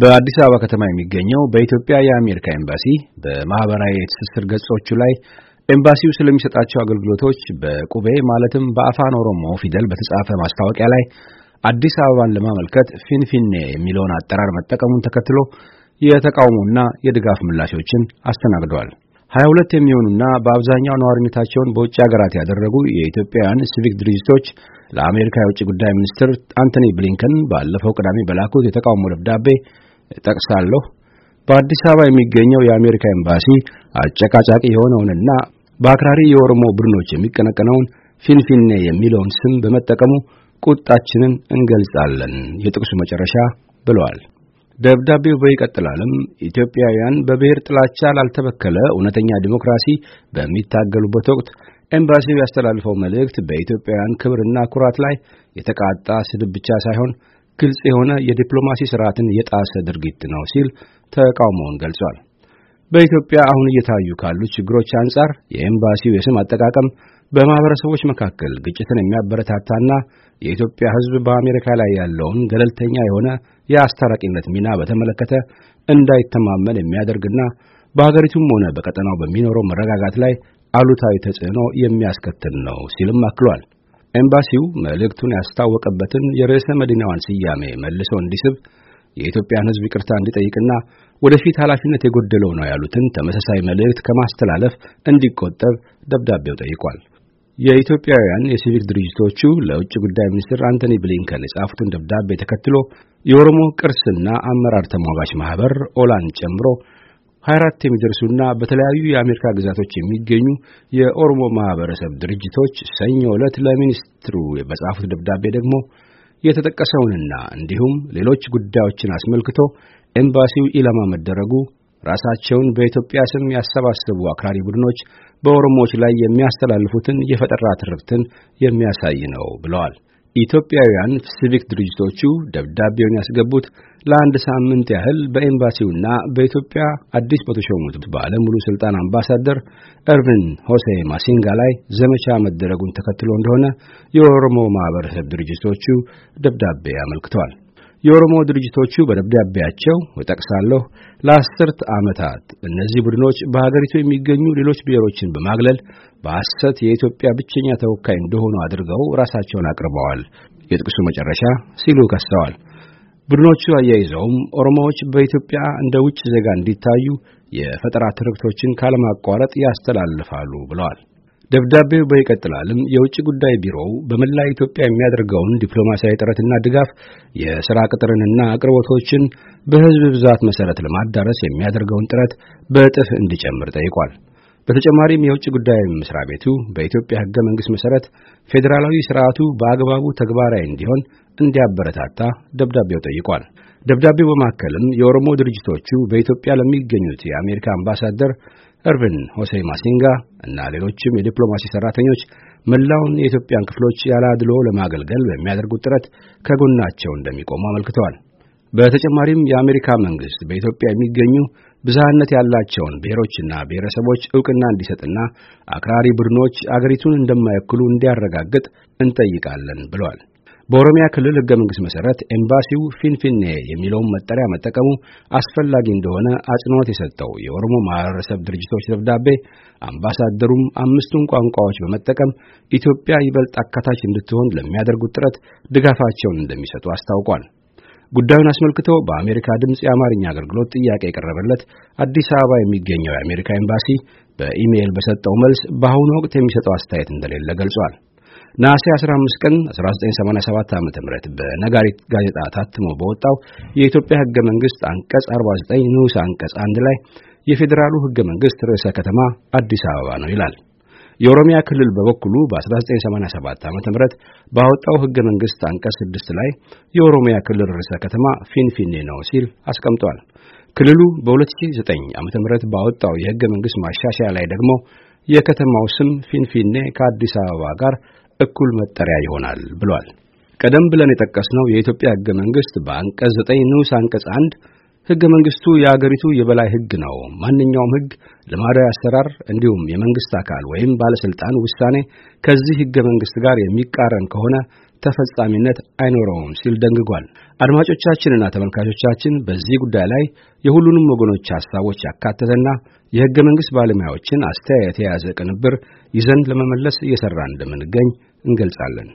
በአዲስ አበባ ከተማ የሚገኘው በኢትዮጵያ የአሜሪካ ኤምባሲ በማህበራዊ የትስስር ገጾቹ ላይ ኤምባሲው ስለሚሰጣቸው አገልግሎቶች በቁቤ ማለትም በአፋን ኦሮሞ ፊደል በተጻፈ ማስታወቂያ ላይ አዲስ አበባን ለማመልከት ፊንፊኔ የሚለውን አጠራር መጠቀሙን ተከትሎ የተቃውሞና የድጋፍ ምላሾችን አስተናግደዋል። ሁለት የሚሆኑና በአብዛኛው ነዋሪነታቸውን በውጭ ሀገራት ያደረጉ የኢትዮጵያውያን ሲቪክ ድርጅቶች ለአሜሪካ የውጭ ጉዳይ ሚኒስትር አንቶኒ ብሊንከን ባለፈው ቅዳሜ በላኩት የተቃውሞ ደብዳቤ ጠቅሳለሁ። በአዲስ አበባ የሚገኘው የአሜሪካ ኤምባሲ አጨቃጫቂ የሆነውንና በአክራሪ የኦሮሞ ቡድኖች የሚቀነቀነውን ፊንፊኔ የሚለውን ስም በመጠቀሙ ቁጣችንን እንገልጻለን፣ የጥቅሱ መጨረሻ ብለዋል። ደብዳቤው በይቀጥላልም ኢትዮጵያውያን በብሔር ጥላቻ ላልተበከለ እውነተኛ ዲሞክራሲ በሚታገሉበት ወቅት ኤምባሲው ያስተላልፈው መልእክት በኢትዮጵያውያን ክብርና ኩራት ላይ የተቃጣ ስድብ ብቻ ሳይሆን ግልጽ የሆነ የዲፕሎማሲ ስርዓትን የጣሰ ድርጊት ነው ሲል ተቃውሞውን ገልጿል። በኢትዮጵያ አሁን እየታዩ ካሉ ችግሮች አንጻር የኤምባሲው የስም አጠቃቀም በማህበረሰቦች መካከል ግጭትን የሚያበረታታና የኢትዮጵያ ሕዝብ በአሜሪካ ላይ ያለውን ገለልተኛ የሆነ የአስታራቂነት ሚና በተመለከተ እንዳይተማመን የሚያደርግና በሀገሪቱም ሆነ በቀጠናው በሚኖረው መረጋጋት ላይ አሉታዊ ተጽዕኖ የሚያስከትል ነው ሲልም አክሏል። ኤምባሲው መልእክቱን ያስታወቀበትን የርዕሰ መዲናዋን ስያሜ መልሶ እንዲስብ የኢትዮጵያን ሕዝብ ይቅርታ እንዲጠይቅና ወደፊት ኃላፊነት የጎደለው ነው ያሉትን ተመሳሳይ መልእክት ከማስተላለፍ እንዲቆጠብ ደብዳቤው ጠይቋል። የኢትዮጵያውያን የሲቪክ ድርጅቶቹ ለውጭ ጉዳይ ሚኒስትር አንቶኒ ብሊንከን የጻፉትን ደብዳቤ ተከትሎ የኦሮሞ ቅርስና አመራር ተሟጋች ማህበር ኦላን ጨምሮ 24 የሚደርሱና በተለያዩ የአሜሪካ ግዛቶች የሚገኙ የኦሮሞ ማህበረሰብ ድርጅቶች ሰኞ ዕለት ለሚኒስትሩ በጻፉት ደብዳቤ ደግሞ የተጠቀሰውንና እንዲሁም ሌሎች ጉዳዮችን አስመልክቶ ኤምባሲው ኢላማ መደረጉ ራሳቸውን በኢትዮጵያ ስም ያሰባሰቡ አክራሪ ቡድኖች በኦሮሞዎች ላይ የሚያስተላልፉትን የፈጠራ ትርክትን የሚያሳይ ነው ብለዋል። ኢትዮጵያውያን ሲቪክ ድርጅቶቹ ደብዳቤውን ያስገቡት ለአንድ ሳምንት ያህል በኤምባሲውና በኢትዮጵያ አዲስ በተሾሙት ባለሙሉ ስልጣን አምባሳደር እርቪን ሆሴ ማሲንጋ ላይ ዘመቻ መደረጉን ተከትሎ እንደሆነ የኦሮሞ ማህበረሰብ ድርጅቶቹ ደብዳቤ አመልክተዋል። የኦሮሞ ድርጅቶቹ በደብዳቤያቸው እጠቅሳለሁ ለአስርት ዓመታት እነዚህ ቡድኖች በሀገሪቱ የሚገኙ ሌሎች ብሔሮችን በማግለል በሐሰት የኢትዮጵያ ብቸኛ ተወካይ እንደሆኑ አድርገው ራሳቸውን አቅርበዋል፣ የጥቅሱ መጨረሻ ሲሉ ከሰዋል። ቡድኖቹ አያይዘውም ኦሮሞዎች በኢትዮጵያ እንደ ውጭ ዜጋ እንዲታዩ የፈጠራ ትርክቶችን ካለማቋረጥ ያስተላልፋሉ ብለዋል። ደብዳቤው በይቀጥላልም የውጭ ጉዳይ ቢሮው በመላ ኢትዮጵያ የሚያደርገውን ዲፕሎማሲያዊ ጥረትና ድጋፍ የሥራ ቅጥርንና አቅርቦቶችን በሕዝብ ብዛት መሠረት ለማዳረስ የሚያደርገውን ጥረት በእጥፍ እንዲጨምር ጠይቋል። በተጨማሪም የውጭ ጉዳይ መስሪያ ቤቱ በኢትዮጵያ ሕገ መንግሥት መሠረት ፌዴራላዊ ሥርዓቱ በአግባቡ ተግባራዊ እንዲሆን እንዲያበረታታ ደብዳቤው ጠይቋል። ደብዳቤው በማከልም የኦሮሞ ድርጅቶቹ በኢትዮጵያ ለሚገኙት የአሜሪካ አምባሳደር እርብን ሆሴ ማሲንጋ እና ሌሎችም የዲፕሎማሲ ሰራተኞች መላውን የኢትዮጵያን ክፍሎች ያለ አድሎ ለማገልገል በሚያደርጉት ጥረት ከጎናቸው እንደሚቆሙ አመልክተዋል። በተጨማሪም የአሜሪካ መንግስት በኢትዮጵያ የሚገኙ ብዝሃነት ያላቸውን ብሔሮችና ብሔረሰቦች እውቅና እንዲሰጥና አክራሪ ቡድኖች አገሪቱን እንደማይወክሉ እንዲያረጋግጥ እንጠይቃለን ብለዋል። በኦሮሚያ ክልል ህገ መንግስት መሰረት ኤምባሲው ፊንፊኔ የሚለውን መጠሪያ መጠቀሙ አስፈላጊ እንደሆነ አጽንኦት የሰጠው የኦሮሞ ማህበረሰብ ድርጅቶች ደብዳቤ አምባሳደሩም አምስቱን ቋንቋዎች በመጠቀም ኢትዮጵያ ይበልጥ አካታች እንድትሆን ለሚያደርጉት ጥረት ድጋፋቸውን እንደሚሰጡ አስታውቋል። ጉዳዩን አስመልክቶ በአሜሪካ ድምፅ የአማርኛ አገልግሎት ጥያቄ የቀረበለት አዲስ አበባ የሚገኘው የአሜሪካ ኤምባሲ በኢሜይል በሰጠው መልስ በአሁኑ ወቅት የሚሰጠው አስተያየት እንደሌለ ገልጿል። ነሐሴ 15 ቀን 1987 ዓ.ም በነጋሪት ጋዜጣ ታትሞ በወጣው የኢትዮጵያ ህገ መንግስት አንቀጽ 49 ንዑስ አንቀጽ አንድ ላይ የፌዴራሉ ህገ መንግስት ርዕሰ ከተማ አዲስ አበባ ነው ይላል። የኦሮሚያ ክልል በበኩሉ በ1987 ዓ.ም ባወጣው ህገ መንግስት አንቀጽ 6 ላይ የኦሮሚያ ክልል ርዕሰ ከተማ ፊንፊኔ ነው ሲል አስቀምጧል። ክልሉ በ2009 ዓ.ም ባወጣው የህገ መንግስት ማሻሻያ ላይ ደግሞ የከተማው ስም ፊንፊኔ ከአዲስ አበባ ጋር እኩል መጠሪያ ይሆናል ብሏል። ቀደም ብለን የጠቀስነው የኢትዮጵያ ህገ መንግስት በአንቀጽ 9 ንዑስ አንቀጽ 1 ህገ መንግስቱ የአገሪቱ የበላይ ህግ ነው። ማንኛውም ህግ ልማዳዊ አሰራር፣ እንዲሁም የመንግስት አካል ወይም ባለስልጣን ውሳኔ ከዚህ ህገ መንግስት ጋር የሚቃረን ከሆነ ተፈጻሚነት አይኖረውም ሲል ደንግጓል። አድማጮቻችንና ተመልካቾቻችን በዚህ ጉዳይ ላይ የሁሉንም ወገኖች ሐሳቦች ያካተተና የህገ መንግስት ባለሙያዎችን አስተያየት የያዘ ቅንብር ይዘን ለመመለስ እየሰራን እንደምንገኝ እንገልጻለን